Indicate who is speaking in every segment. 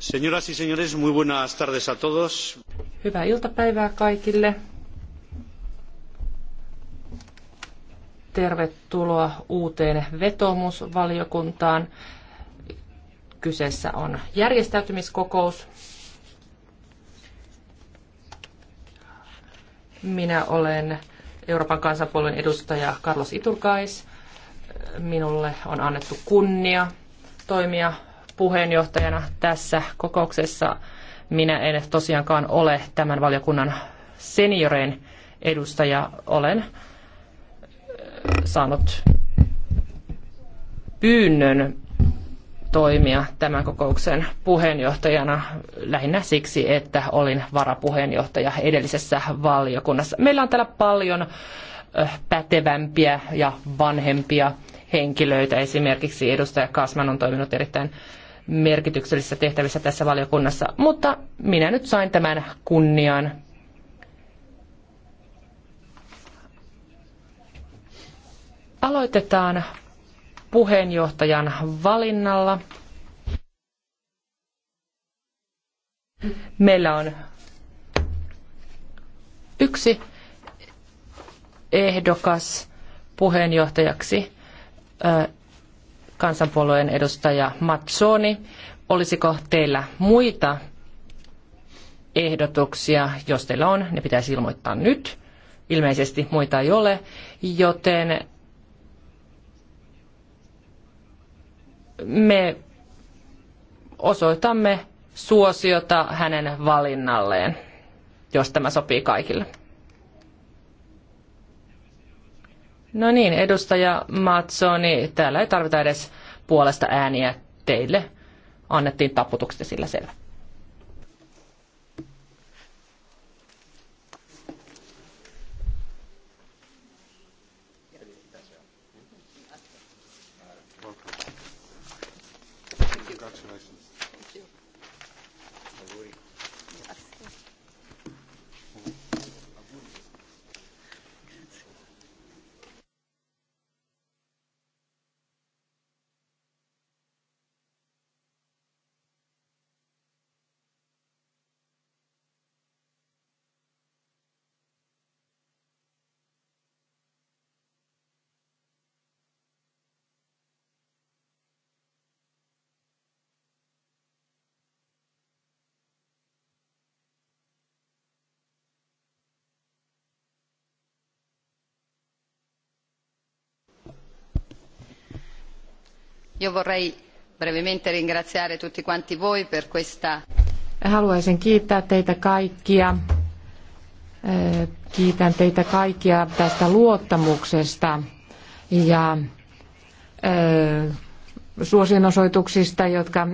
Speaker 1: Señoras y señores, muy buenas tardes a todos.
Speaker 2: Hyvää iltapäivää kaikille. Tervetuloa uuteen vetomusvaliokuntaan. Kyseessä on järjestäytymiskokous. Minä olen Euroopan kansanpuolueen edustaja Carlos Iturgais. Minulle on annettu kunnia toimia puheenjohtajana tässä kokouksessa. Minä en tosiaankaan ole tämän valiokunnan senioreen edustaja. Olen saanut pyynnön toimia tämän kokouksen puheenjohtajana lähinnä siksi, että olin varapuheenjohtaja edellisessä valiokunnassa. Meillä on täällä paljon pätevämpiä ja vanhempia henkilöitä. Esimerkiksi edustaja Kasman on toiminut erittäin merkityksellisissä tehtävissä tässä valiokunnassa, mutta minä nyt sain tämän kunnian. Aloitetaan puheenjohtajan valinnalla. Meillä on yksi ehdokas puheenjohtajaksi kansanpuolueen edustaja Mazzoni. Olisiko teillä muita ehdotuksia? Jos teillä on, ne pitäisi ilmoittaa nyt. Ilmeisesti muita ei ole, joten me osoitamme suosiota hänen valinnalleen, jos tämä sopii kaikille. No niin, edustaja Matsoni, täällä ei tarvita edes puolesta ääniä teille. Annettiin taputukset sillä selvä.
Speaker 1: vorrei brevemente ringraziare tutti quanti voi per questa...
Speaker 3: Haluaisin kiittää teitä kaikkia. Eh, kiitän teitä kaikkia tästä luottamuksesta ja eh, suosionosoituksista, jotka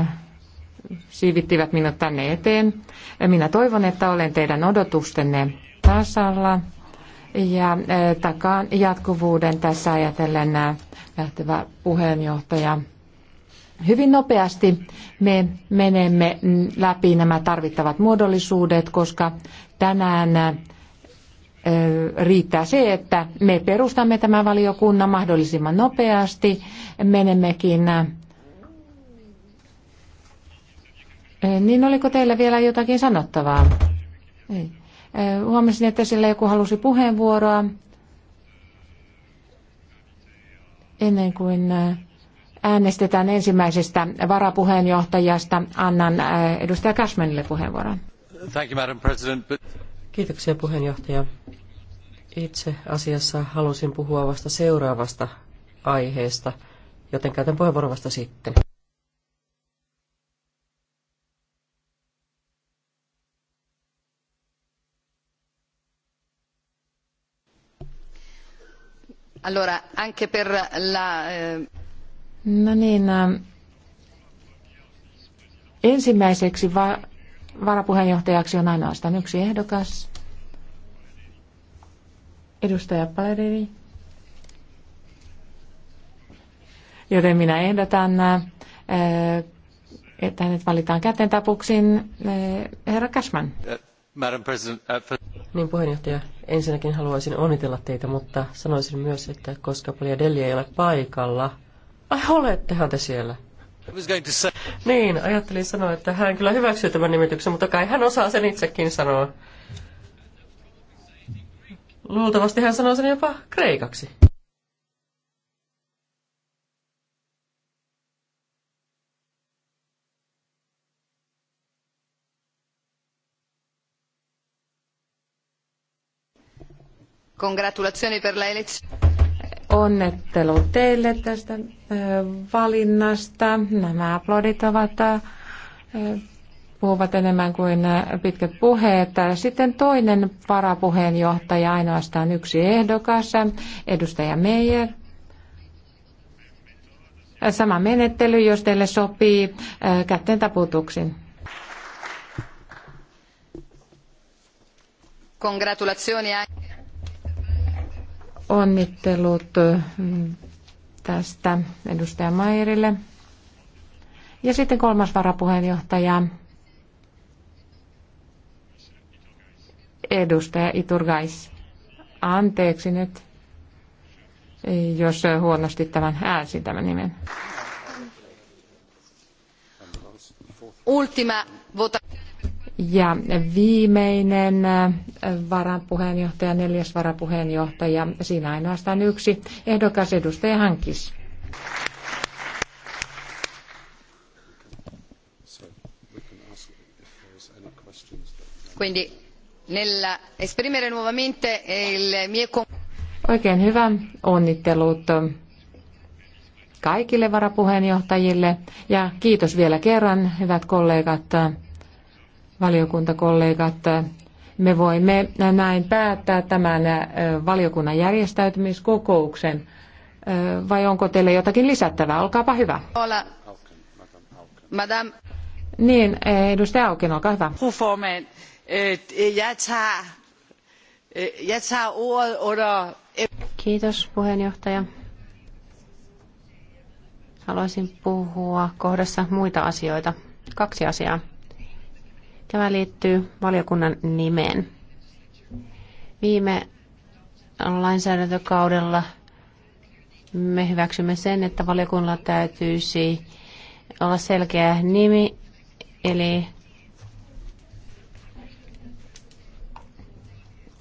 Speaker 3: eh, siivittivät minut tänne eteen. Minä toivon, että olen teidän odotustenne tasalla ja takaan jatkuvuuden tässä ajatellen lähtevä puheenjohtaja. Hyvin nopeasti me menemme läpi nämä tarvittavat muodollisuudet, koska tänään riittää se, että me perustamme tämän valiokunnan mahdollisimman nopeasti. Menemmekin niin oliko teillä vielä jotakin sanottavaa? Ei. Huomasin, että sillä joku halusi puheenvuoroa. ennen kuin äh, äänestetään ensimmäisestä varapuheenjohtajasta, annan äh, edustaja Cashmanille puheenvuoron.
Speaker 4: Thank you, Madam President. Kiitoksia puheenjohtaja. Itse asiassa halusin puhua vasta seuraavasta aiheesta, joten käytän puheenvuoron vasta sitten.
Speaker 1: Allora, anche per la... Eh,
Speaker 3: no niin, äh, ensimmäiseksi va- varapuheenjohtajaksi on ainoastaan yksi ehdokas. Edustaja Paleri. Joten minä ehdotan, äh,
Speaker 4: että hänet valitaan käteen tapuksin äh, herra Cashman. Madam President, uh, for... Niin puheenjohtaja, Ensinnäkin haluaisin onnitella teitä, mutta sanoisin myös, että koska Paliadelli ei ole paikalla. Ai olettehan te siellä? Niin, ajattelin sanoa, että hän kyllä hyväksyy tämän nimityksen, mutta kai hän osaa sen itsekin sanoa. Luultavasti hän sanoo sen jopa kreikaksi.
Speaker 1: Congratulazioni per la
Speaker 3: elezione. teille tästä valinnasta. Nämä aplodit ovat puhuvat enemmän kuin pitkät puheet. Sitten toinen varapuheenjohtaja, ainoastaan yksi ehdokas, edustaja Meijer. Sama menettely, jos teille sopii, kätten taputuksin.
Speaker 1: Congratulazioni.
Speaker 3: Onnittelut tästä edustaja Mairille. Ja sitten kolmas varapuheenjohtaja, edustaja Iturgais. Anteeksi nyt, jos huonosti tämän äänsin tämän nimen.
Speaker 1: Ultima vota.
Speaker 3: Ja viimeinen äh, varapuheenjohtaja, neljäs varapuheenjohtaja, siinä ainoastaan yksi ehdokas edustaja Hankis.
Speaker 5: Eh,
Speaker 3: Oikein hyvä. Onnittelut äh, kaikille varapuheenjohtajille ja kiitos vielä kerran, hyvät kollegat. Äh, valiokuntakollegat. Me voimme näin päättää tämän valiokunnan järjestäytymiskokouksen. Vai onko teille jotakin lisättävää? Olkaapa hyvä. Ola. Madame. Niin, edustaja Auken, olkaa hyvä.
Speaker 5: Kiitos puheenjohtaja. Haluaisin puhua kohdassa muita asioita. Kaksi asiaa. Tämä liittyy valiokunnan nimeen. Viime lainsäädäntökaudella me hyväksymme sen, että valiokunnalla täytyisi olla selkeä nimi, eli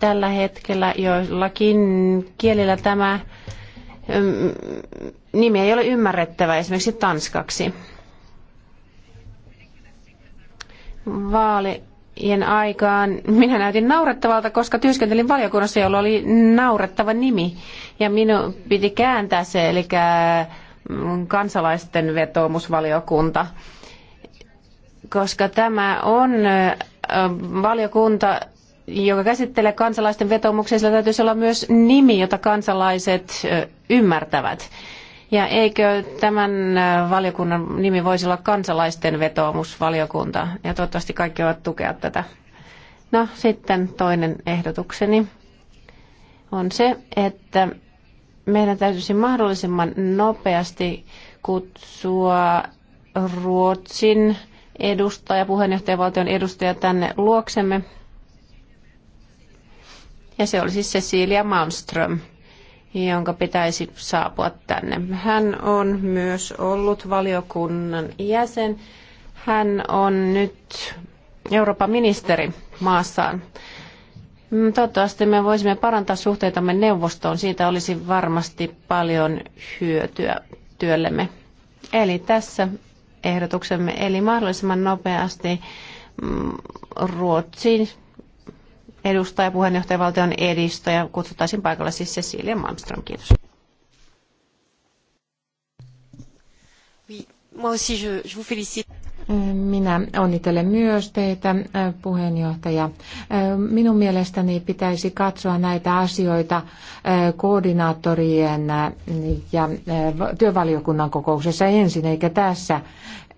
Speaker 5: tällä hetkellä joillakin kielillä tämä mm, nimi ei ole ymmärrettävä, esimerkiksi tanskaksi. vaalien aikaan minä näytin naurettavalta, koska työskentelin valiokunnassa, jolla oli naurettava nimi. Ja minun piti kääntää se, eli mm, kansalaisten vetoomusvaliokunta, koska tämä on valiokunta, joka käsittelee kansalaisten vetomuksia, sillä täytyisi olla myös nimi, jota kansalaiset ymmärtävät. Ja eikö tämän äh, valiokunnan nimi voisi olla kansalaisten vetoomusvaliokunta? Ja toivottavasti kaikki ovat tukea tätä. No sitten toinen ehdotukseni on se, että meidän täytyisi mahdollisimman nopeasti kutsua Ruotsin edustaja, puheenjohtajavaltion edustaja tänne luoksemme. Ja se oli siis Cecilia Malmström jonka pitäisi saapua tänne. Hän on myös ollut valiokunnan jäsen. Hän on nyt Euroopan ministeri maassaan. Mm, toivottavasti me voisimme parantaa suhteitamme neuvostoon. Siitä olisi varmasti paljon hyötyä työllemme. Eli tässä ehdotuksemme, eli mahdollisimman nopeasti mm, Ruotsin edustaja, puheenjohtajavaltion edistäjä. Kutsuttaisiin paikalle siis Cecilia Malmström. Kiitos.
Speaker 3: Minä onnittelen myös teitä, äh, puheenjohtaja. Äh, minun mielestäni pitäisi katsoa näitä asioita äh, koordinaattorien ja työvaliokunnan kokouksessa ensin, eikä tässä.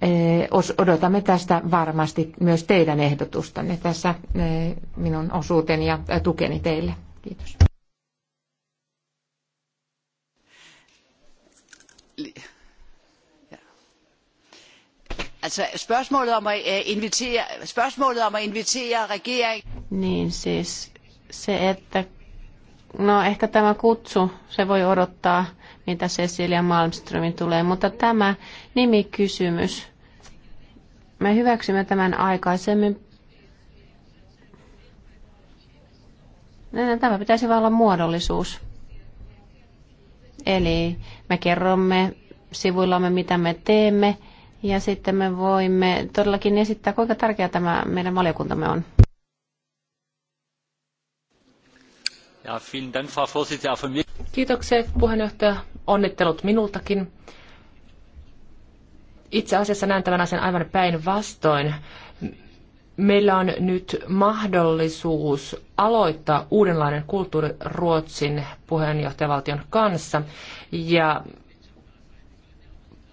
Speaker 3: Eh, odotamme tästä varmasti myös teidän ehdotustanne. Tässä eh, minun osuuteni ja eh, tukeni teille. Kiitos.
Speaker 5: Altså spørgsmålet om at invitere, spørgsmålet om at invitere regeringen... Niin siis se, että no ehkä tämä kutsu, se voi odottaa, mitä Cecilia Malmströmin tulee, mutta tämä nimikysymys, me hyväksymme tämän aikaisemmin. Tämä pitäisi olla muodollisuus. Eli me kerromme sivuillamme, mitä me teemme, ja sitten me voimme todellakin esittää, kuinka tärkeä tämä meidän valiokuntamme on. Kiitokset
Speaker 2: puheenjohtaja. Onnittelut minultakin itse asiassa näen tämän asian aivan päinvastoin. Meillä on nyt mahdollisuus aloittaa uudenlainen kulttuuri Ruotsin puheenjohtajavaltion kanssa. Ja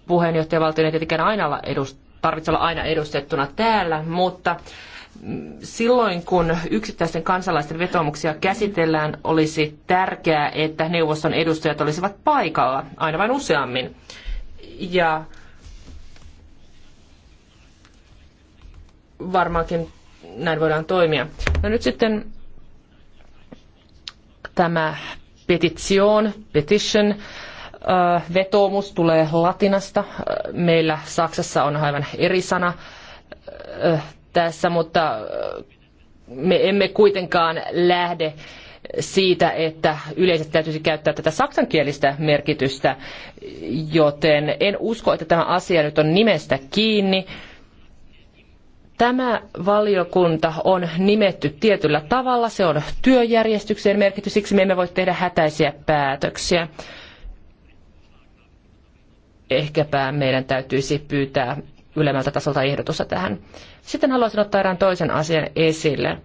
Speaker 2: puheenjohtajavaltion ei tietenkään aina olla edust- tarvitse olla aina edustettuna täällä, mutta silloin kun yksittäisten kansalaisten vetoomuksia käsitellään, olisi tärkeää, että neuvoston edustajat olisivat paikalla aina vain useammin. Ja varmaankin näin voidaan toimia. No nyt sitten tämä petition, petition, äh, vetoomus tulee latinasta. Äh, meillä Saksassa on aivan eri sana äh, tässä, mutta me emme kuitenkaan lähde siitä, että yleisesti täytyisi käyttää tätä saksankielistä merkitystä, joten en usko, että tämä asia nyt on nimestä kiinni Tämä valiokunta on nimetty tietyllä tavalla, se on työjärjestykseen merkitty, siksi me emme voi tehdä hätäisiä päätöksiä. Ehkäpä meidän täytyisi pyytää ylemmältä tasolta ehdotusta tähän. Sitten haluaisin ottaa erään toisen asian esille.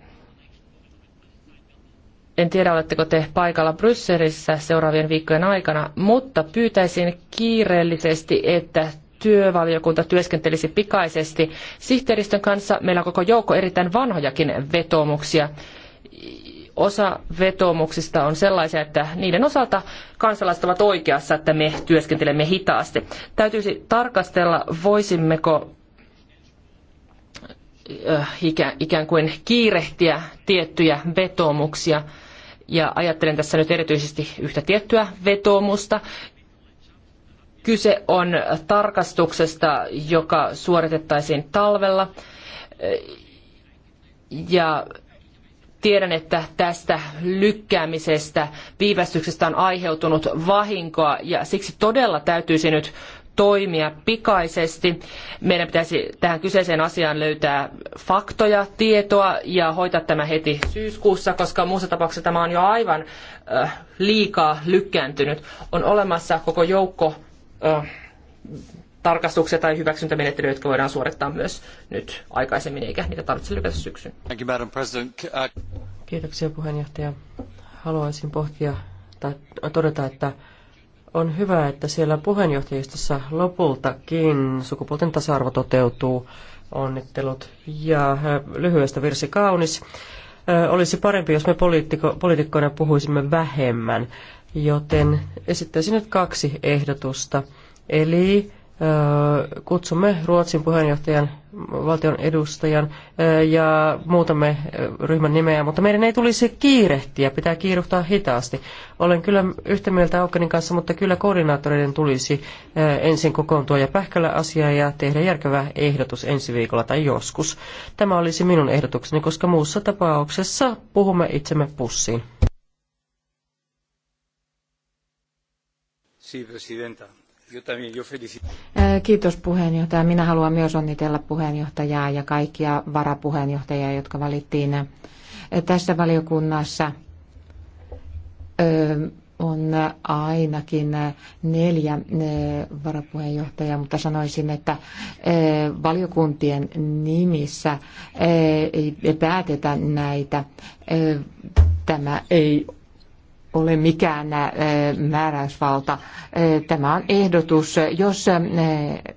Speaker 2: En tiedä, oletteko te paikalla Brysselissä seuraavien viikkojen aikana, mutta pyytäisin kiireellisesti, että työvaliokunta työskentelisi pikaisesti sihteeristön kanssa. Meillä on koko joukko erittäin vanhojakin vetoomuksia. Osa vetoomuksista on sellaisia, että niiden osalta kansalaiset ovat oikeassa, että me työskentelemme hitaasti. Täytyisi tarkastella, voisimmeko äh, ikään kuin kiirehtiä tiettyjä vetoomuksia. Ja ajattelen tässä nyt erityisesti yhtä tiettyä vetoomusta, Kyse on tarkastuksesta, joka suoritettaisiin talvella. Ja tiedän, että tästä lykkäämisestä, viivästyksestä on aiheutunut vahinkoa ja siksi todella täytyisi nyt toimia pikaisesti. Meidän pitäisi tähän kyseiseen asiaan löytää faktoja, tietoa ja hoitaa tämä heti syyskuussa, koska muussa tapauksessa tämä on jo aivan äh, liikaa lykkääntynyt. On olemassa koko joukko tarkastuksia tai hyväksyntämenettelyjä, jotka voidaan suorittaa myös nyt aikaisemmin, eikä niitä tarvitse lykätä syksyn.
Speaker 4: Thank you, Madam President. Uh, Kiitoksia puheenjohtaja. Haluaisin pohtia tai todeta, että on hyvä, että siellä puheenjohtajistossa lopultakin sukupuolten tasa-arvo toteutuu. Onnittelut. Ja lyhyestä virsi kaunis. Olisi parempi, jos me poliitikkoina puhuisimme vähemmän joten esittäisin nyt kaksi ehdotusta. Eli kutsumme Ruotsin puheenjohtajan valtion edustajan ja muutamme ryhmän nimeä, mutta meidän ei tulisi kiirehtiä, pitää kiiruhtaa hitaasti. Olen kyllä yhtä mieltä Aukenin kanssa, mutta kyllä koordinaattoreiden tulisi ensin kokoontua ja pähkällä asiaa ja tehdä järkevä ehdotus ensi viikolla tai joskus. Tämä olisi minun ehdotukseni, koska muussa tapauksessa puhumme itsemme pussiin.
Speaker 3: Kiitos puheenjohtaja. Minä haluan myös onnitella puheenjohtajaa ja kaikkia varapuheenjohtajia, jotka valittiin tässä valiokunnassa. On ainakin neljä varapuheenjohtajaa, mutta sanoisin, että valiokuntien nimissä ei päätetä näitä. Tämä ei ole mikään määräysvalta. Tämä on ehdotus. Jos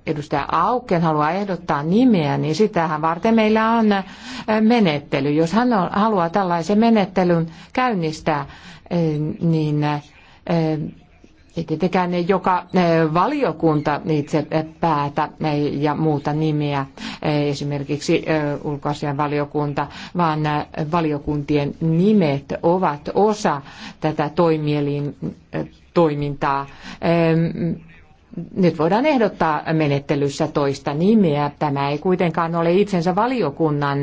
Speaker 3: edustaja Auken haluaa ehdottaa nimeä, niin sitähän varten meillä on menettely. Jos hän haluaa tällaisen menettelyn käynnistää, niin ei tietenkään joka eh, valiokunta itse eh, päätä eh, ja muuta nimeä, esimerkiksi ulkoasian valiokunta, vaan valiokuntien nimet ovat osa tätä toimielin toimintaa. Nyt voidaan ehdottaa menettelyssä toista nimeä. Tämä ei kuitenkaan ole itsensä valiokunnan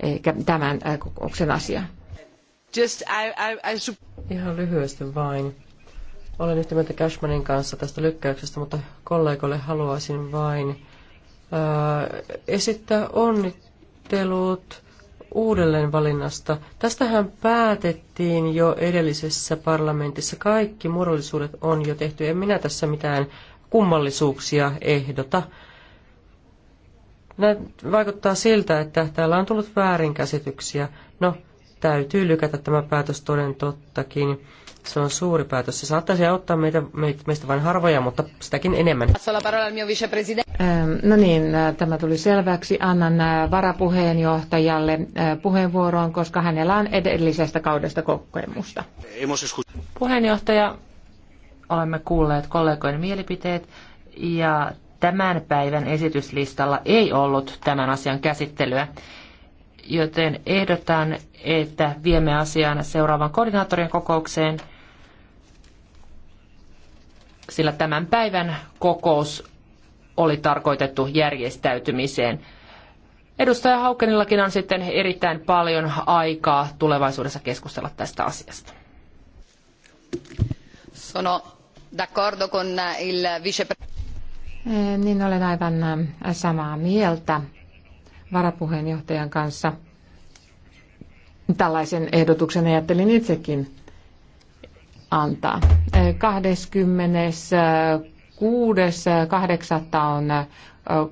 Speaker 3: eikä tämän kokouksen asia.
Speaker 4: Just I, I, I... Ihan lyhyesti vain olen yhtä mieltä Cashmanin kanssa tästä lykkäyksestä, mutta kollegoille haluaisin vain ää, äh, esittää onnittelut valinnasta. Tästähän päätettiin jo edellisessä parlamentissa. Kaikki murallisuudet on jo tehty. En minä tässä mitään kummallisuuksia ehdota. Nämä vaikuttaa siltä, että täällä on tullut väärinkäsityksiä. No, täytyy lykätä tämä päätös toden tottakin. Se on suuri päätös. Se saattaisi auttaa meitä, meistä vain harvoja, mutta sitäkin enemmän.
Speaker 3: Ähm, no niin, äh, tämä tuli selväksi. Annan äh, varapuheenjohtajalle äh, puheenvuoroon, koska hänellä on
Speaker 2: edellisestä kaudesta kokemusta. Puheenjohtaja, olemme kuulleet kollegojen mielipiteet ja tämän päivän esityslistalla ei ollut tämän asian käsittelyä joten ehdotan, että viemme asian seuraavan koordinaattorien kokoukseen, sillä tämän päivän kokous oli tarkoitettu järjestäytymiseen. Edustaja Haukenillakin on sitten erittäin paljon aikaa tulevaisuudessa keskustella tästä asiasta.
Speaker 1: Sono d'accordo con il vice...
Speaker 3: Eh, niin olen aivan eh, samaa mieltä varapuheenjohtajan kanssa. Tällaisen ehdotuksen ajattelin itsekin antaa. 26.8. on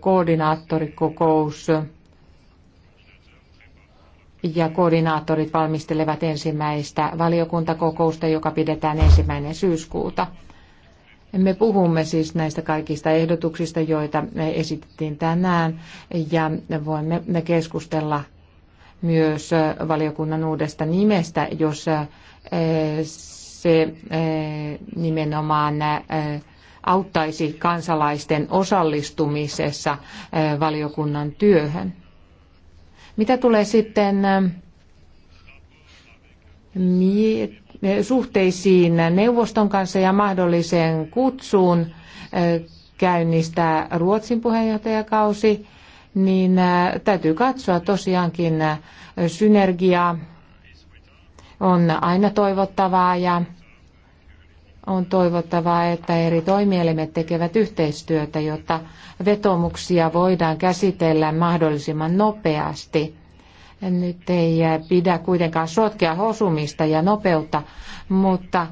Speaker 3: koordinaattorikokous ja koordinaattorit valmistelevat ensimmäistä valiokuntakokousta, joka pidetään ensimmäinen syyskuuta. Me puhumme siis näistä kaikista ehdotuksista, joita esitettiin tänään, ja voimme keskustella myös valiokunnan uudesta nimestä, jos eh, se eh, nimenomaan eh, auttaisi kansalaisten osallistumisessa valiokunnan työhön. Mitä tulee sitten miet suhteisiin neuvoston kanssa ja mahdolliseen kutsuun äh, käynnistää Ruotsin puheenjohtajakausi, niin äh, täytyy katsoa tosiaankin äh, synergiaa. On aina toivottavaa ja on toivottavaa, että eri toimielimet tekevät yhteistyötä, jotta vetomuksia voidaan käsitellä mahdollisimman nopeasti nyt ei eh, pidä kuitenkaan sotkea hosumista ja nopeutta, mutta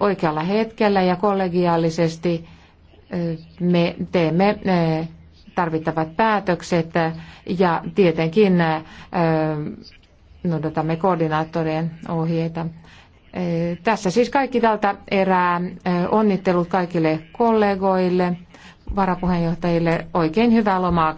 Speaker 3: oikealla hetkellä ja kollegiaalisesti me teemme tarvittavat päätökset ja tietenkin noudatamme koordinaattorien ohjeita. Tässä siis kaikki tältä erää. Onnittelut kaikille kollegoille, varapuheenjohtajille. Oikein hyvää lomaa.